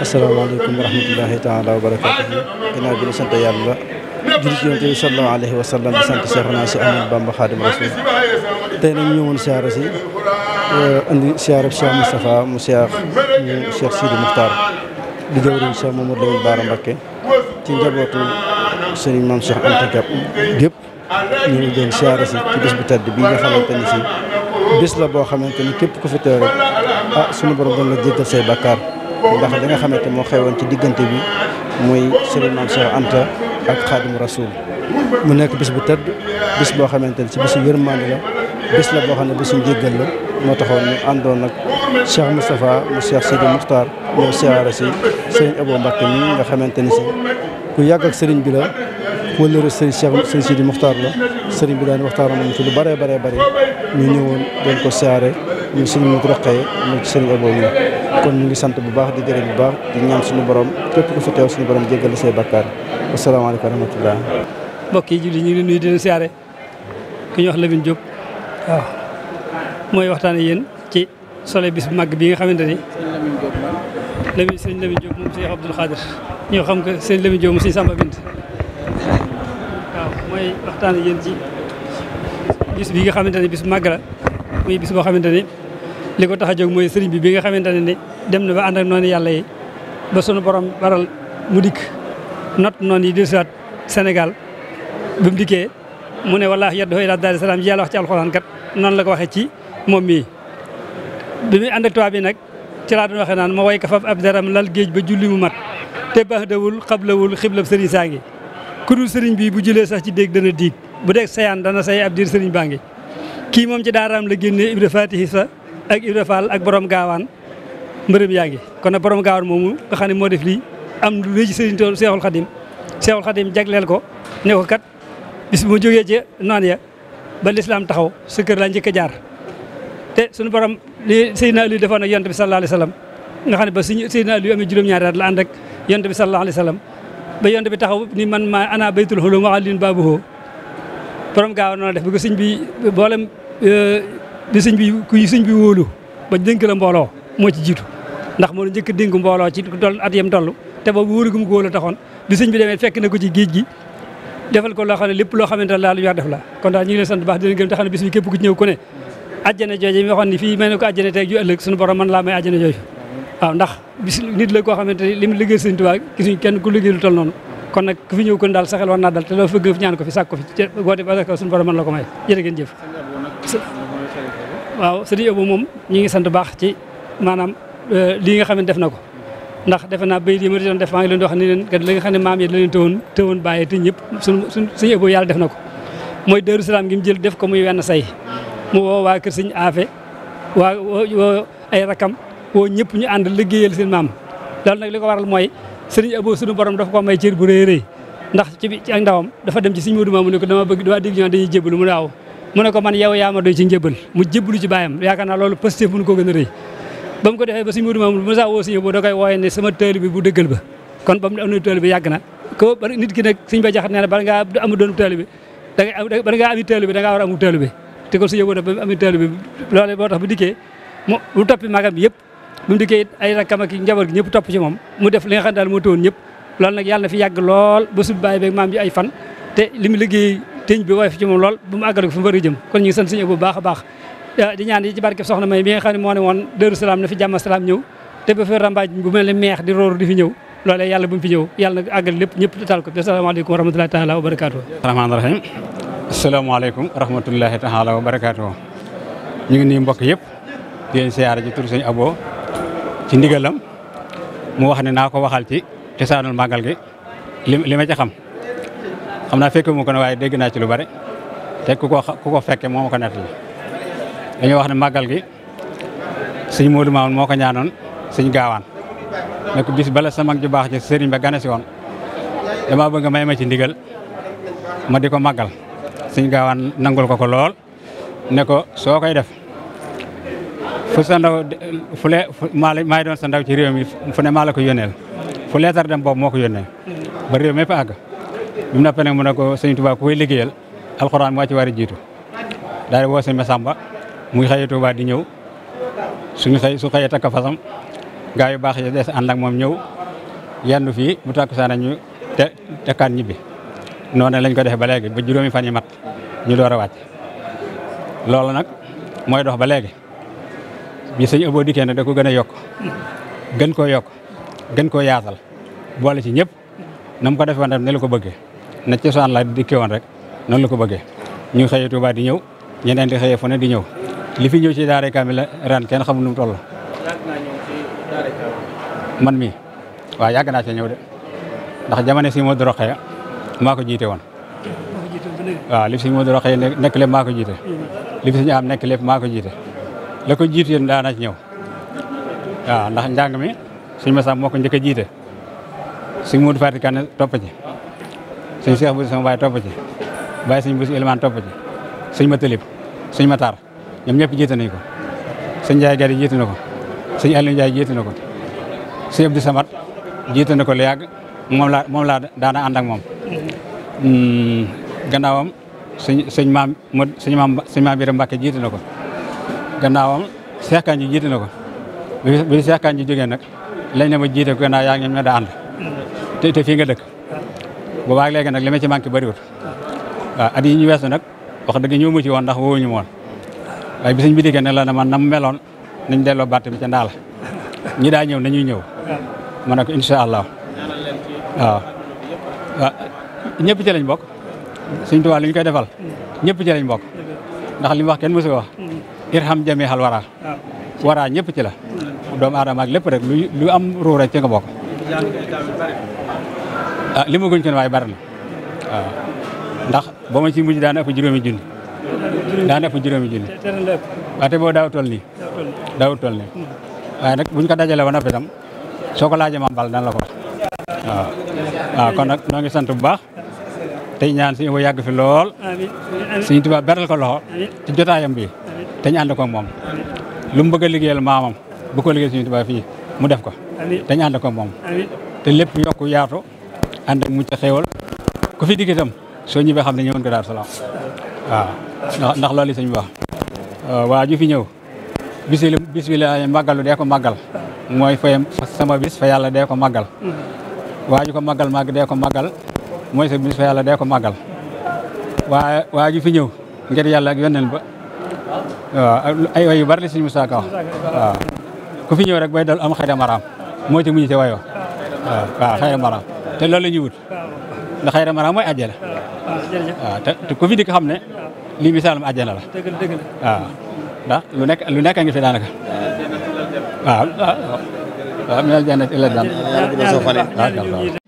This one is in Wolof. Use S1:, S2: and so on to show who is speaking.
S1: asalaamaaleykum wa rahmatullahi taala wa barakaatu ginnaaw bi la sant yàlla jur ci yonent bi sallallahu alayhi wa sallam di sant Seexuna si Ahmadu Bamba Xaadim Rasuul tey nag ñëwoon si eh, andi siyaara Cheikh Moustapha mu Cheikh mu Cheikh Sidi Muxtaar di jawriñ Cheikh Mamadou Lamine Bara Mbacké ci njabootu Serigne Mame Cheikh Anta gépp ñu ngi doon siyaara ci bés bu tedd bii nga xamante ni si bés la boo xamante ni képp ko fi teew rek ah sunu borom doon la jéggal say bakkaar ndax li nga xamante moo xewoon ci diggante bi muy sëriñ Maam Cheikh Anta ak Xaadimu Rasuul mu nekk bis bu tëdd bis boo xamante si ci bisu yërmande la bis la boo xam ne bisu njéggal la moo taxoon ñu àndoon ak Cheikh Moustapha mu Cheikh Sidi Muxtaar ñëw siyaare si sëriñ Abo Mbàkke mi nga xamante ni si ku yàgg ak sëriñ bi la wëllëre sëriñ Cheikh sëriñ Sidi Muxtaar la sëriñ bi daan waxtaan moom ci lu bëree bëree bëri ñu ñëwoon doon ko siyaare ñu sëriñ mu roqee ñu ci sëriñ Abo kon ñu ngi sant bu baax di jërëm bu baax di ñaan suñu borom képp ku fi teew suñu borom jéggal say bakkaar asalaamaaleykum wa rahmatulah.
S2: bokk yi julli ñu ngi nuyu di leen siyaare ñuy wax Lamine Diop waaw mooy waxtaan ak yéen ci sole bis bu mag bi nga xamante ni. Lamine sëñ Lamine Diop moom Cheikh Abdoul ñoo xam que sëñ Lamine Diop moom sëñ Samba Bint waaw bis bi nga xamante ne bis bu mag la muy bis boo xamante li ko tax a jóg mooy sëriñ bi bi nga xamante ne ni dem na ba ànd ak noonu yàlla yi ba sunu borom waral mu dikk not noon yi dellusiwaat Sénégal bi mu dikkee mu ne wallaahi yadduhu ilaa daari salaam yàlla wax ci alxuraan kat noonu la ko waxee ci moom mii. bi muy ànd ak tubaab bi nag ci laa doon waxee naan ma way ka fab ab daram lal géej ba julli mu mat te baax dawul xablawul xiblab sëriñ saa ngi ku sëriñ bi bu julee sax ci dégg dana diig bu dee sayaan dana say ab diir sëriñ baa ngi ak Ibra Fall ak borom gaawaan mbërëm yaa ngi kon nag borom gaawaan moomu nga xam moo def lii am lu rëy ci sëriñ tool Seexul Xadim Seexul Xadim jagleel ko ne ko kat bis bu ma jógee ci noon ya ba lislaam taxaw sa la laa njëkk jaar te suñu borom li Seydina Aliou defoon ak yonent bi sallallahu alayhi wasallam nga xam ne ba suñu Seydina Aliou amee juróom-ñaari at la ànd ak yonent bi sallallahu alayhi wasallam ba yonent bi taxaw ni man maa ana baytul hulum wa alin babuhu borom gaaw noonu def bi ko sëñ bi boolem di sëñ bi ku sëñ bi wóolu ba dénk la mbooloo moo ci jiitu ndax moo la njëkk dénk mbooloo ci toll at yem toll te boobu wóolu gum ko wóolu taxoon di sëñ bi demee fekk na ko ci gi defal ko loo xam ne lépp loo xamante ne laa lu yor def la kon daal ñu ngi ku ñëw ku ne ajjana jooju mi ni fii mel ko ajjana tey ju ëllëg suñu borom man laa may ajjana jooju waaw ndax nit la koo xamante ni li mu liggéey sëñ Tuubaa gisuñ kenn ku liggéey lu toll noonu kon nag ku ñëw kon daal saxel waaw sëriñ Abo moom ñu ngi sant baax ci maanaam euh, lii nga xam def na ko ndax defe naa béy lii ma doon def maa ngi leen di wax leen kat xam ne maam yi la leen tëwoon tëwoon bàyyi te ñëpp suñu sëriñ Abo yàlla def na ko mooy Daaru Salaam gi mu jël def ko muy wenn say mu woo waa kër sëriñ Afe waa woo ay rakam woo ñëpp ñu ànd liggéeyal seen maam loolu nag li ko waral mooy sëriñ Abo suñu borom dafa ko ay cër bu rëy rëy ndax ci bi ci ak ndawam dafa dem ci sëriñ Modou Mamoune ne ko dama bëgg dama dégg ñoo dañuy jébalu mu waaw mu ne ko man yow yaa ma doy ci njëbbal mu jébbalu ci baayam yaakaar naa loolu pëste bu ko gën a ko defee ba suñu mudu maamul Moussa woo suñu bu da koy wooye ne sama tëëli bi bu ba kon ba mu am na ko nit ba jaxat nee na bala ngaa ko suñu ba ami tëëli bi loolu boo tax mu lu toppi magam yëpp bu mu na fi yàgg lool ba su baay beeg maam ay fan te li mu teñ bi woyof ci moom lool bu mu àggale ko fu mu bëri jëm kon ñu sant suñu bu baax a baax di ñaan yi ci barkeb soxna may mi nga xam ne moo ne woon Daaru Salaam na fi jàmm salaam ñëw te ba fi rambaaj bu mel ne meex di rooru di fi ñëw loolee yàlla bu mu fi ñëw yàlla na àggal lépp ñëpp taal ko bi asalaamaaleykum wa rahmatulahi taala wa barakaatu
S3: rahmaani rahim asalaamaaleykum wa rahmatulahi taala wa barakaatu ñu ngi nii mbokk yëpp di leen siyaara ji tur sëñ Abo ci ndigalam mu wax ne naa ko waxal ci cosaanul màggal gi li ma ca am na fekke mu ko ne waaye dégg naa ci lu bari te ku ko ku ko fekke moo ko nettali dañoo wax ne màggal gi sëñ Modou moo ko ñaanoon sëñ gaawaan ne ko bis bala sa mag ju baax ci sëriñ ba gane si woon bëgg may ma ci ndigal ma di ko màggal sëñ gaawaan nangul ko ko lool ne ko soo koy def fu sa ndaw fu le doon sa ndaw ci réew mi fu ne maa ko yónneel fu leetar dem boobu moo ko yónnee ba réew mépp àgg bi na noppee mu ne ko sëñ baa ku koy liggéeyal alxuraan moo ci war a jiitu daal di woo sëñ Massamba muy xëyee Touba di ñëw suñu xëy su xëyee takk fasam gaa yu baax yi des ànd ak moom ñëw yendu fii mu bu takkusaan ñu te tekkaat ñibbi noonu lañ ko def ba léegi ba juróomi fan yi mat ñu door a wàcc loolu nag mooy dox ba léegi bi sëñ Abo dikkee nag da ko gën a yokk gën koo yokk gën koo yaasal boole si ñëpp na mu ko defee woon ne la ko bëggee na cosaan la dikkee woon rek noonu la ko bëggee ñu xëyee Touba di ñëw ñeneen di xëyee fu di ñëw li fi ñëw ci daara kaamil la ren kenn xamul nu mu toll. man mii waaw yàgg naa ci ñëw de ndax jamono si Modou Rokhaya maa ko jiite woon waaw li fi si Modou Rokhaya nekk lépp jiite li fi si ñu am nekk jiite la ko jiite yéen daana ci ñëw waaw ndax njàng mi suñu masam moo ko a jiite suñu Modou Fatickane topp ci suñ Cheikh Bousso sama baay topp ci baay suñ Bousso Elimane topp ci suñ Matalib suñ ñoom ñëpp jiite nañ ko suñ Ndiaye Gadi jiite na ko suñ Aliou Ndiaye jiite na ko suñ Abdou Samad jiite na ko lu yàgg moom laa moom laa daana ànd ak moom hmm, gannaawam suñ suñ maam suñ maam suñ maam Biram Mbàkke jiite na ko gannaawam Cheikh Kanji jiite na ko bi Cheikh ji jógee nag lañ ne ma jiite ko gannaaw yaa ñoom ñoo daa ànd te te fii nga dëkk boobaag léegi nag li ma ci manqué bëriwut waaw at yi ñu weesu nag wax dëgg ñëw mu ci woon ndax woowuñu ma woon waaye bi sëñ bi diggee ne la ne man na mu meloon nañ delloo batt bi ca ndaala ñi daa ñëw nañuy ñëw ma ne ko allah waaw waaw ñëpp ci lañ bokk sëñ Tuubaa li ñu koy defal ñëpp ci lañ bokk ndax li mu wax kenn mësu wax irham jami xal waraa waraa ñëpp ci la doomu aadama ak lépp rek lu am ruura ci nga bokk ah li ma guñ ko waaye bari na waaw ah, ndax boo ma ci mujj daan ëpp juróomi junni daan ëpp juróomi junni waaye boo daaw ni nii daaw hmm. waaye nag buñ ko dajale wona noppi tam soo ko laajee maam bal daan la ko waaw ah, waaw ah, kon nag ñoo ngi sant bu baax tey ñaan suñu ko yàgg fi lool suñu tubaab beral ko loxo te jotaayam bi te ñu ànd ko moom lu mu bëgg a liggéeyal maamam bu ko liggéey suñu tubaab fii mu def ko te ñu ànd ko moom te lépp yokku yaatu ànd ak mucc xéewal ku fi dikk soo ñibbee xam ne ñëwoon ko Daaru Salaam waaw ndax loolu sëñ bi wax euh, waa ju fi ñëw bis bi bis bi dee ko màggal mooy fayam sama bis fa yàlla dee ko màggal mm-hmm. waa ju ko màggal màgg dee ko màggal mooy sa bis fa yàlla dee ko màggal waa waa fi ñëw ngir yàlla ak yónneel ba waaw ay wayu bari la sëñ Musaa waaw ku fi ñëw rek bay dal am xayda maraam moo ci muñu ci wayoo waaw xayda maraam te loolu la ñuy wut ndax xayra mara mooy àjjana waaw te ku dikk xam ne lii misaalum àjjana la
S1: waaw
S3: lu nekk lu nekk a ngi fi daanaka waaw waaw waaw minal jannati ilal janna